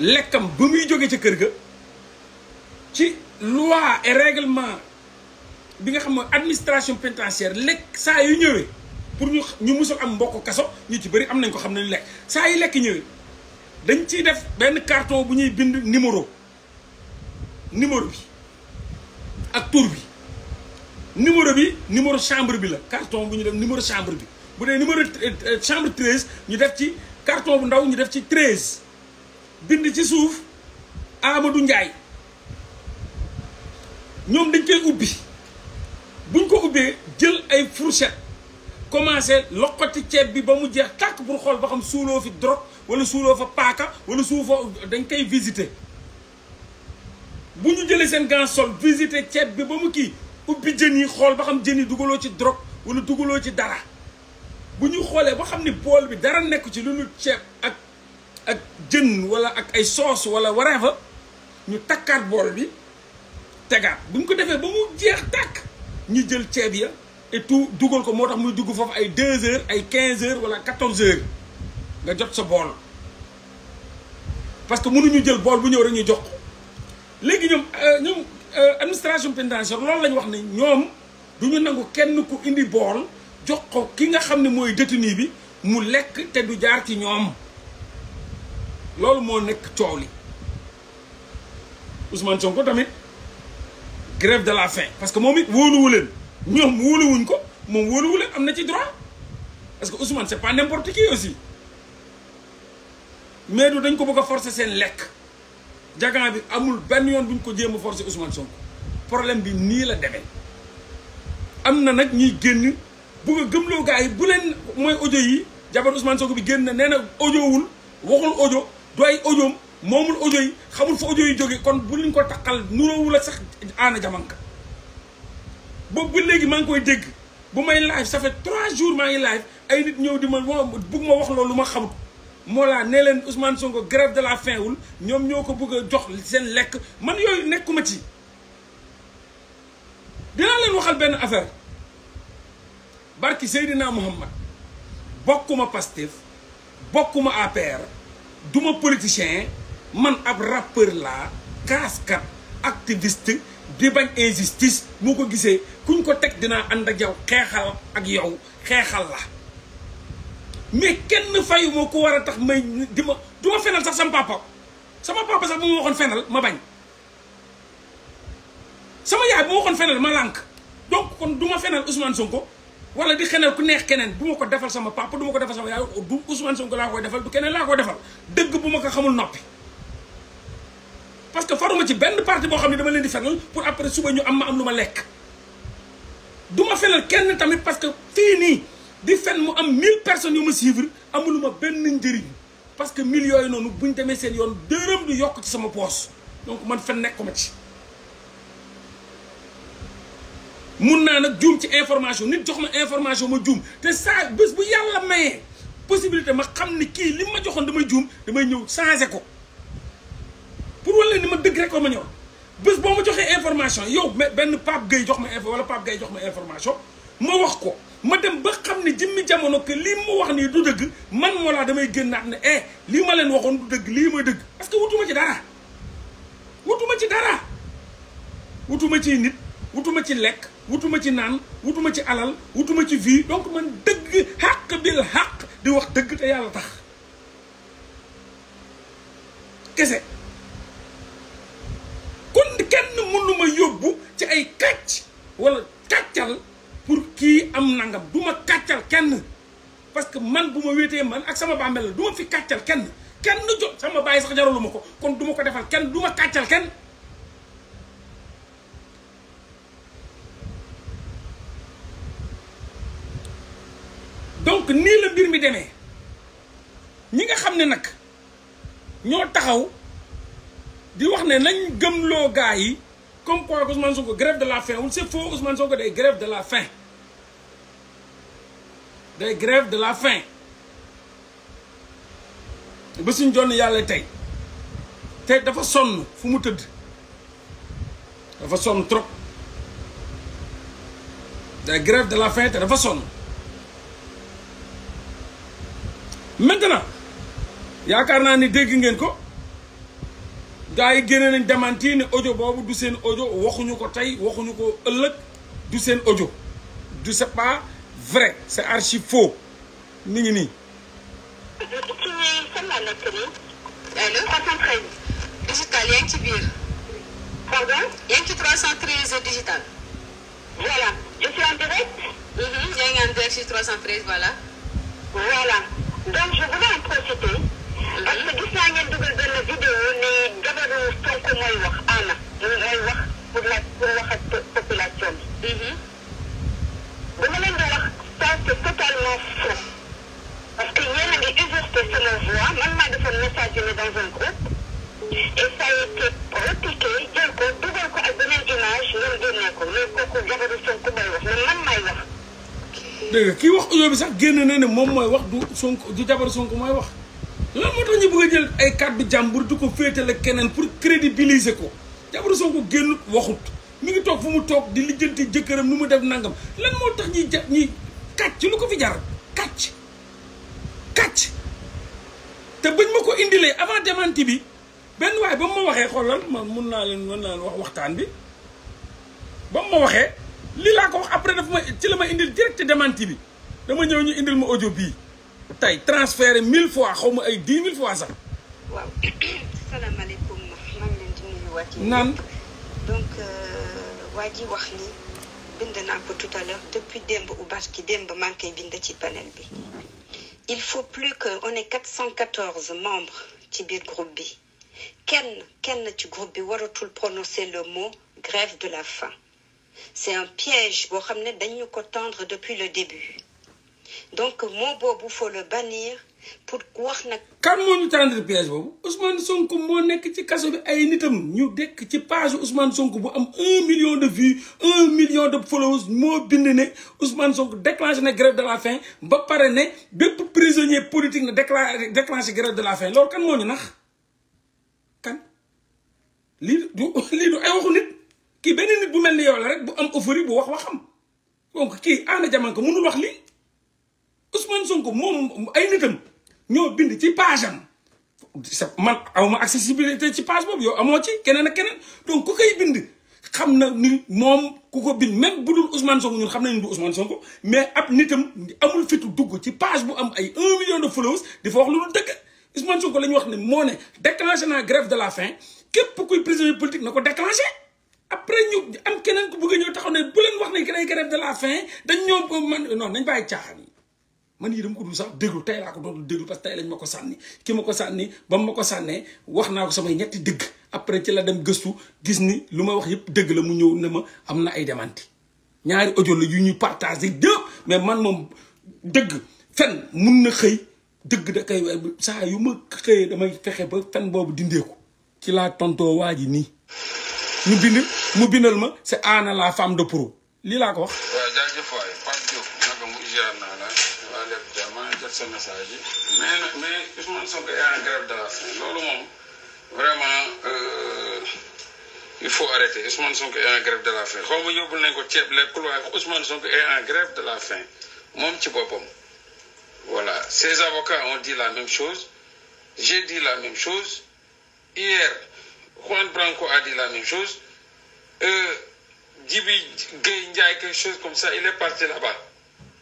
lekkam ba muy jóge ca kër ga ci loi et bi nga xam mooy administration pénitentiaire lekk saa yu ñëwee pour ñu ñu musul am mbokk kaso ñu ci bëri am nañ ko xam nañu lekk saa yi lekk ñëwee dañ ciy def benn carton bu ñuy bind numéro numéro bi ak tour bi numéro bi numéro chambre bi la carton bu ñu def numéro chambre bi bu dee numéro euh, euh, chambre 13 ñu def ci carton bu ndaw ñu def ci 13 bind ci suuf aamadu njaay ñoom dañ koy ubbi buñ ko ubbee jël ay fourchette commencé loqati ceeb bi ba mu jeex tàkk pour xool ba xam suuloo fi drogue wala suuloo fa paaka wala suufoo dañ koy visiter bu ñu jëlee seen gant sol visiter ceeb bi ba mu kii ubbi jën yi xool ba xam jën yi dugaloo ci drogue wala dugaloo ci dara bu ñu xoolee ba xam ni bool bi dara nekku ci lu nu ceeb ak ak jën wala ak ay soos wala whatever ñu takkaat bool bi tegaat bu ñu ko defee ba mu jeex tàkk ñu jël ceeb ya et tout dugal ko moo tax muy dugg foofu ay deux heures ay quinze heures wala quatorze heures nga jot sa bool parce que mënuñu jël bool bu ñëw rek ñu jox léegi ñoom euh, ñoom euh, administration pénitentiaire loolu lañ wax ne ñoom du ñu nangu kenn ku indi bool jox ko ki nga xam ne mooy détenu bi mu lekk te du jaar ci ñoom loolu moo nekk coow li Ousmane Sonko tamit grève de la fin parce que moom it wóoluwu ñoom wóoluwuñ ko moom wóoluwu leen am na ci droit parce que Ousmane c'est pas n'importe qui aussi mais du dañ ko bëgg a forcer seen lekk jagan bi amul benn yoon buñ ko jéem a forcer Ousmane Sonko problème bi nii la demee am na nag ñuy génn bugg a gëmloo gars yi bu leen mooy audio yi jabar Ousmane Sonko bi génn na nee na audio waxul audio du ay audio moomul audio yi xamul fa audio yi jóge kon bu ñu ko taqal nuróowul ak sax aana jamanka boobu ba léegi maa ngi koy dégg bu may live ça fait trois jours maa ngi live ay nit ñëw di ma bugg ma wax loolu ma xamut moo laa nee leen Ousmane Sonko grève de la faim wul ñoom ñoo ko bëgg a jox seen lekk man yooyu nekkuma ci dinaa leen waxal benn affaire barki Seydina Muhammad bokkuma Pastef bokkuma APR duma ma politicien man ab rappeur laa kaaskat activiste di bañ injustice moo ko gisee kuñ ko teg dinaa ànd ak yow xeexal ak yow xeexal la mais kenn fayu moo ko war a tax may di ma du fenal sax sama papa sama papa sax bu ma waxoon fenal ma bañ sama yaay bu ma waxoon fenal ma lànk donc kon du ma fenal Ousmane Sonko wala di xenal ku neex keneen bu ma ko defal sama papa du ma ko defal sama yaay du Ousmane ko laa koy defal du keneen laa koy defal dëgg bu ma ko xamul noppi parce que faruma ci benn parti boo xam ne dama leen di fenal pour après suba ñu am ma am lu ma lekk du ma fenal kenn tamit parce que fii nii di fen mu am mille personnes yu ma suivre amuluma benn njëriñ parce que mille yooyu noonu buñ demee seen yoon dërëm du yokk ci sama poos donc man fen nekkuma ci mun naa nag juum ci information nit jox ma information ma juum te saa bés bu yàlla mayee possibilité ma xam ni kii li ma joxoon damay juum damay ñëw changé ko pour wala ni ma dëgg rek ko ma ñor bés boo ma joxee information yow benn Pape Gueye jox ma info wala Pape jox ma information ma wax ko ma dem ba xam ne jëmmi jamono que lii ma wax nii du dëgg man moo laa damay génnaat ne eh lii ma leen waxoon du dëgg lii ma dëgg parce que wutuma ci dara wutuma ci dara wutuma ci nit wutuma ci lekk wutuma ci naan wutuma ci alal wutuma ci vie donc man dëgg xàq bil xàq di wax dëgg te yàlla tax kese kon kenn mënuma yóbbu ci ay kàcc walla kàccal pour kii am nangam du ma kàccal kenn parce que man bu ma wéetee man ak sama bàmmeel la du fi kàccal kenn kenn jot sama bàyyi sax jaraluma ko kon du ma ko defal kenn du ma kàccal kenn bi demee ñi nga xam ne nag ñoo taxaw di wax ne nañ gëmloo gaa yi comme quoi Ousmane Sonko grève de la faim wul c'est faux Ousmane ko day grève de la fin day grève de la fin ba suñ jonn yàlla tey te dafa sonn fu mu tëdd dafa sonn trop day grève de la faim te dafa sonn maintenant yaakaar naa ni dégg ngeen ko gars yi génne nañ démenti ne audio boobu du seen audio waxuñu ko tey waxuñu ko ëllëg du seen audio du c'est pas vrai c'est archi faux ni ngi nii. digital yaa ngi ci biir. pardon. yaa ngi ci 313 digital. voilà. je suis en direct. Mhm, yaa ngi en direct donc je voulais en profiter. parce que gis naa ngeen dugal benn vidéo ne jabaru Sonko mooy wax ana mooy wax pour la wax ak population bi. Mhm. dama leen di wax ça c'est totalement faux. parce que yéen a ngi usurpé sama voix man maa defoon message yi dans un groupe. et ça a été repiqué jël ko dugal ko ak beneen image ñoom génne ko mais kooku jabaru Sonko mooy wax mais man maay wax. dégg nga kii wax audio bi sax génn na ne moom mooy wax du Sonko du jabar Sonko mooy wax lan moo tax ñu bëgg a jël ay kàddu jàmbur du ko féetale keneen pour crédibiliser ko jabar Sonko génn waxut mi ngi toog fu mu toog di lijjanti jëkkëram nu mu def nangam lan moo tax ñuy ja ñuy kàcc lu ko fi jar kàcc kàcc te bañ ma ko indilee avant démenti bi benn waaye ba mu ma waxee xoolal man mun naa leen mën naa leen wax waxtaan bi ba mu ma waxee li laa après daf ma ci la ma indil direct démenti bi dama ñëw ñu indil ma audio bii tey transféré mille fois xaw ma ay dix mille fois sax. waaw salaamaaleykum maa ngi leen di nuyuwaat. naan donc euh, waa ji wax ni bind naa tout à l'heure depuis démb ou barki démb maa ngi koy bind ci panel bi. il faut plus que on est 414 membres ci biir groupe bi kenn kenn ci groupe bi waratul prononcer le mot grève de la faim. c'est un piège boo xam ne dañu ko tendre depuis le début donc moo boobu faut le bannir pour wax nag. kan moo ñu tendre piège boobu Ousmane Sonko moo nekk ci kaso bi ay nitam ñu dekk ci page Ousmane Sonko bu am un million de vues un million de followers moo bind ne Ousmane Sonko déclenché na grève de la faim ba pare ne bépp prisonnier politique na déclen déclenché grève de la faim loolu kan moo ñu nax kan lii du lii du ay waxu nit. kii benn nit bu mel ni yow la rek bu am euphorie bu wax waxam donc kii Anna Diamanka mënul wax lii Ousmane Sonko moom ay nitam ñoo bind ci page am man awma accessibilité ci page boobu yow amoo ci keneen ak keneen donc ku koy bind xam na ni moom ku ko bind même bu dul Ousmane Sonko ñun nañu du Ousmane Sonko mais ab nitam amul fitu dugg ci page bu am ay un million de followers di fa wax lu dul dëgg Ousmane Sonko la ñu wax ne moo ne déclenché naa grève de la faim képp kuy prisonnier politique na ko déclenché après ñu am keneen ku bëgg a ñëw taxaw ne bu leen wax ne keneen grève de la faim dañ ñoom ko man non nañ bàyyi caaxaan yi man yi dama ko dul sax déglu tey laa ko doon déglu parce que tey lañ ko sànni ki ma ko sànni ba ma ko sànnee wax naa ko samay ñetti dëgg après ci la dem gëstu gis ni lu ma wax yëpp dëgg la mu ñëw ne ma am na ay demanti ñaari ojo la yu ñu partagé yëpp mais man moom dëgg fen mun na xëy dëgg da koy sax yu ma xëyee damay fexe ba fen boobu dindeeku ci laa tontoo waa ji nii ñu bind mu bindal ma c'est Anna la femme de Prou lii laa ko wax. waaw jaajëf waay Pape Diop naka mu ziar naa la waa lépp message mais mais Ousmane Sonko yaa ngi de la faim loolu moom vraiment euh, il faut arrêter Ousmane Sonko est en de la faim xaw nañ ko ceeb lekkul waaye Ousmane Sonko est de la faim moom ci boppam voilà ses avocats ont dit la même chose j'ai dit la même chose hier Juan Branco a la même chose Euh, Djibi Gueye Ndiaye quelque chose comme ça il est parti là-bas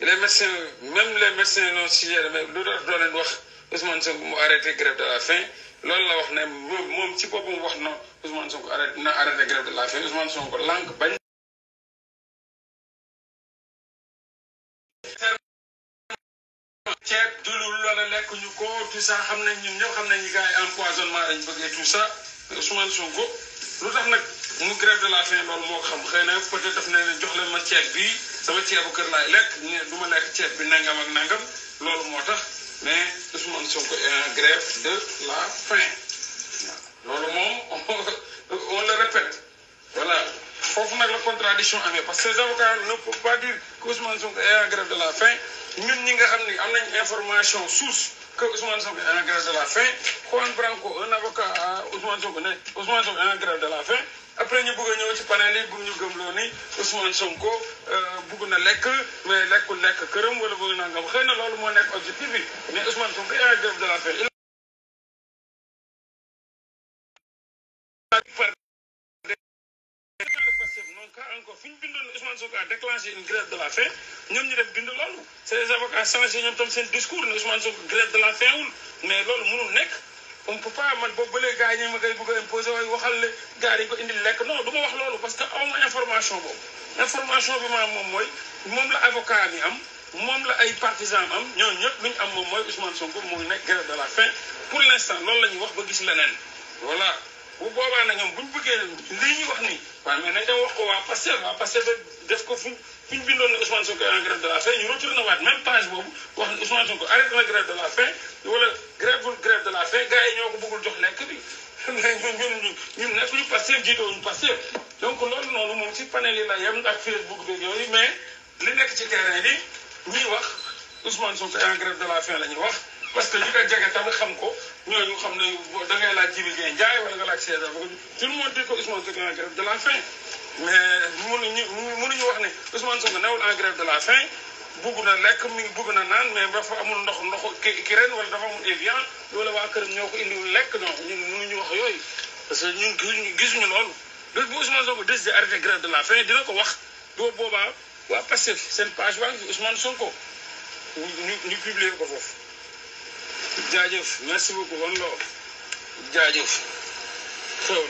les médecins même les médecins non suggérés mais lu tax doo leen wax Ousmane Sonko mu arrêté grève de la faim loolu la wax ne moom ci boppam wax na Ousmane Sonko arrêté na arrêté grève de la faim Ousmane Sonko lànk bañ. tout ça xam nañ ñun ñëpp xam nañ ni gars yi empoisonnement lañ bëggee tout ça Ousmane Sonko lu tax nag. mu grève de la faim loolu moo xam xëy na peut-être daf ne jox leen ma ceeb bi sama ceebu kër laay lekk du ma lekk ceeb bi nangam ak nangam loolu moo tax mais Ousmane Sonko est en grève de la faim loolu moom on le répète voilà foofu nag la contradiction amee parce que ces avocats ne peuvent pas dire que Ousmane Sonko est en grève de la faim ñun ñi nga xam ne am nañ information source que Ousmane Sonko est en grève de la faim Juan Branco un avocat à Ousmane Sonko ne Ousmane Sonko est en grève de la faim après ñu bëgg a ñëw ci panel yi bu ñu gëmloo ni Ousmane Sonko euh, bëgg na lekk mais lekkul lekk këram wala bëgg nangam xëy na loolu moo nekk objectif bi mais Ousmane Sonko est un ñu bindoon ne Ousmane Sonko a déclenché une grève de la faim ñoom ñu def bind loolu c'est les avocats seen discours ne Ousmane Sonko grève de la faim mais loolu mënul nekk. on peut pas man boobu ba léegi gars yi ñu ma koy bëgg a imposé waaye waxal la gars yi ko indil lekk non du wax loolu parce que aw information boobu information bi ma am moom mooy moom la avocat mi am moom la ay partisan am ñoo ñëpp lu am moom mooy Ousmane Sonko mooy nekk grève de la faim pour l' instant loolu la ñuy wax ba gis leneen voilà bu boobaa nag ñoom bu ñu bëggee lii ñu wax nii waaye mais nañ dem wax ko waa Pastef waa Pastef def ko fuñ fu ñu bindoon ne Ousmane Sonko en grève de la faim ñu retourné waat même page boobu wax ne Ousmane Sonko arrêté na grève de la faim wala grèvul grève de la faim gars yi ñoo ko bëggul jox lekk bi ñun ñun ñun nekk ñu Pastef jiitewuñu Pastef donc loolu noonu moom ci panel yi la yem ak Facebook beeg yooyu mais li nekk ci terrain bi ñuy wax Ousmane Sonko en grève de la faim la ñuy wax parce que ñu ko jege tamit xam ko ñooñu xam ne da ngay laaj Jibi Gueye nga la faim mais mënuñu mënuñu wax ne Ousmane Sonko newul en grève na lekk mi bugg na naan mais dafa amul ndox ndox ki ren wala dafa amul ko indiwul lekk non ñun mënuñu parce que ñun gisuñu loolu bés bu Ousmane Sonko de la faim dina ko wax boo boobaa waa seen page waa ngi fi Ousmane Sonko ñu ñu publier ko foofu jaajëf merci beaucoup wan loo jaajëf xew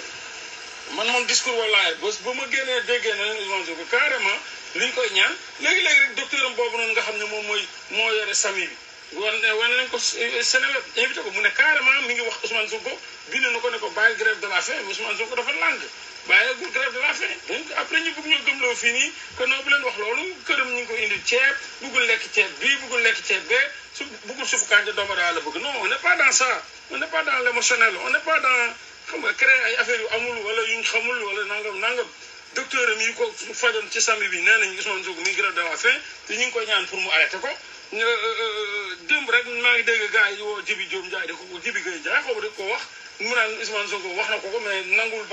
man moom discours walaay ba ba ma génnee déggee na Ousmane Sonko carrément li ñu koy ñaan léegi-léegi rek docteur am boobu noonu nga xam ne moom mooy moo yore sami bi wan wane nañ ko eh, Sénégal invité ko mu ne carrément mi ngi wax Ousmane Sonko bind na ko ne ko bàyyi grève de la faim Ousmane ko dafa làng waaye nag grève de la faim donc après ñu bëgg ñoo loo fii nii que non bu leen wax loolu këram ñu ko indi ceeb bëggul lekk ceeb bii bëggul lekk ceeb bee su bëggul suuf kanja doomu daa la bëgg non on n'est pas dans ça on n'est pas dans l'émotionnel on n'est pas dans xam nga créer ay affaires yu amul wala yuñ xamul wala nangam nangam docteur am yi ko fajoon ci samedi bi nee nañ Ousmane Sonko mi grève de la faim te ñu ngi ko ñaan pour mu arrêté ko euh, euh, démb maa ngi dégg gars yi woo Jibi Diop ko Jibi Gueye ko wax mu naan Ousmane wax na ko ko mais nangul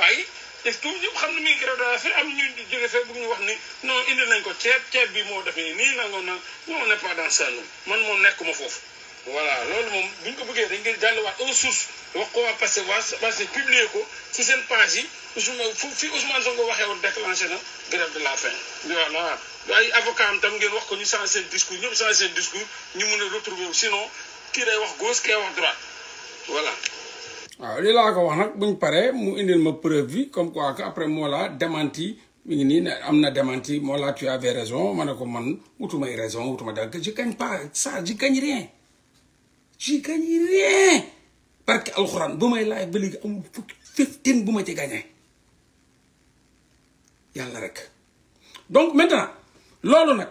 est-ce que ñëpp xam ne muy gradation am ñu jóge fee bëgg ñu wax ni non indi nañ ko ceeb ceeb bi moo defee nii nangoon na non on n'est pas dans ça man moom nekkuma foofu. voilà loolu moom bu ñu ko bëggee dañ koy delluwaat aux sources wax ko waa passé waa passé publié ko ci seen page yi Ousmane fu fi Ousmane Sonko waxee woon déclenché na grève de la faim. voilà waaye avocat am tam ngeen wax ko ñu changé seen discours ñëpp changé seen discours ñu mun a retrouver sinon kii day wax gauche kee wax droite voilà. waaw lii laa ko wax nag buñ paree mu indil ma preuve bi comme quoi que après moo laa démenti mi ngi nii na am na démenti moo laa tu avais raison ma ne ko man wutumay raison wutuma dal je gagne pas ça je gagne rien je gagne rien parce que alxuraan bu may bu ma ci gagné yàlla donc maintenant loolu nag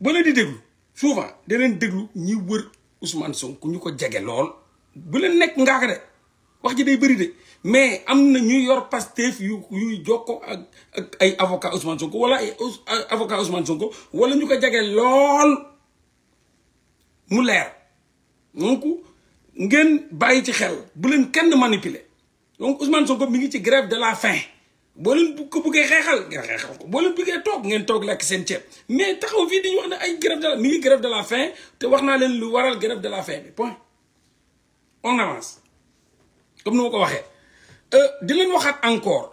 ba leen di déglu souvent da leen déglu ñi wër Ousmane Sonko ñu ko jege lool bu leen nekk ngaaka de wax ji day bëri de mais am na ñuy yor Pastef yu yuy jokko ak ak ay avocat Ousmane Sonko wala ay avocat Ousmane wala ñu ko jege lool mu leer donc ngeen bàyyi ci xel bu leen kenn manipuler donc Ousmane Sonko mi ngi ci grève de la faim boo leen ko bëggee xeexal ngeen xeexal ko boo leen bëggee toog ngeen toog lekk seen ceeb mais taxaw fii dañuy wax ne ay grève de la mi ngi grève de la te wax naa leen lu waral grève de la faim bi point avance. comme ni ma ko waxee euh, di leen waxaat encore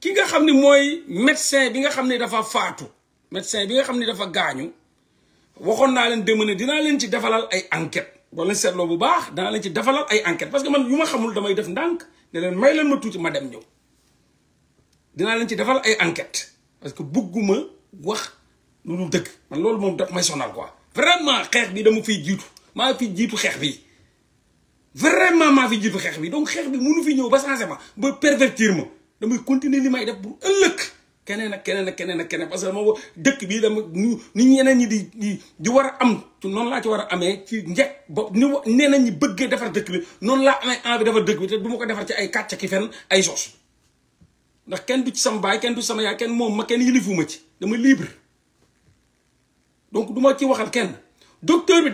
ki nga xam ne mooy médecin bi nga xam ne dafa faatu médecin bi nga xam ne dafa gaañu waxoon naa leen dem ne dinaa leen ci defalal ay enquête boo leen bu baax danaa leen ci defalal ay enquête parce que man yu ma xamul damay def ndànk ne leen may leen ma tuuti ma dem ñëw dinaa leen ci defal ay enquête parce que bugguma wax lu dul dëgg man loolu moom daf may sonal quoi vraiment xeex bi dama fiy jiitu maa fiy jiitu xeex bi man maa fi jiitu xeex bi donc xeex bi mënu fi ñëw ba changé ma ba pervertir ma damay continuer li may def bu ëllëg keneen ak keneen ak keneen ak keneen parce que moom dëkk bii dama ñu ni ñeneen ñi di di war a am noonu laa ci war a amee ci njëkk ba ni ñeneen ñi bëggee defar dëkk bi noonu laa amee envie defar dëkk bi te du ma ko defar ci ay kàcc ki fenn ay sos ndax kenn du ci sama baay kenn du sama yaay kenn moom ma kenn yilifuma ci dama libre donc du ci waxal kenn docteur bi.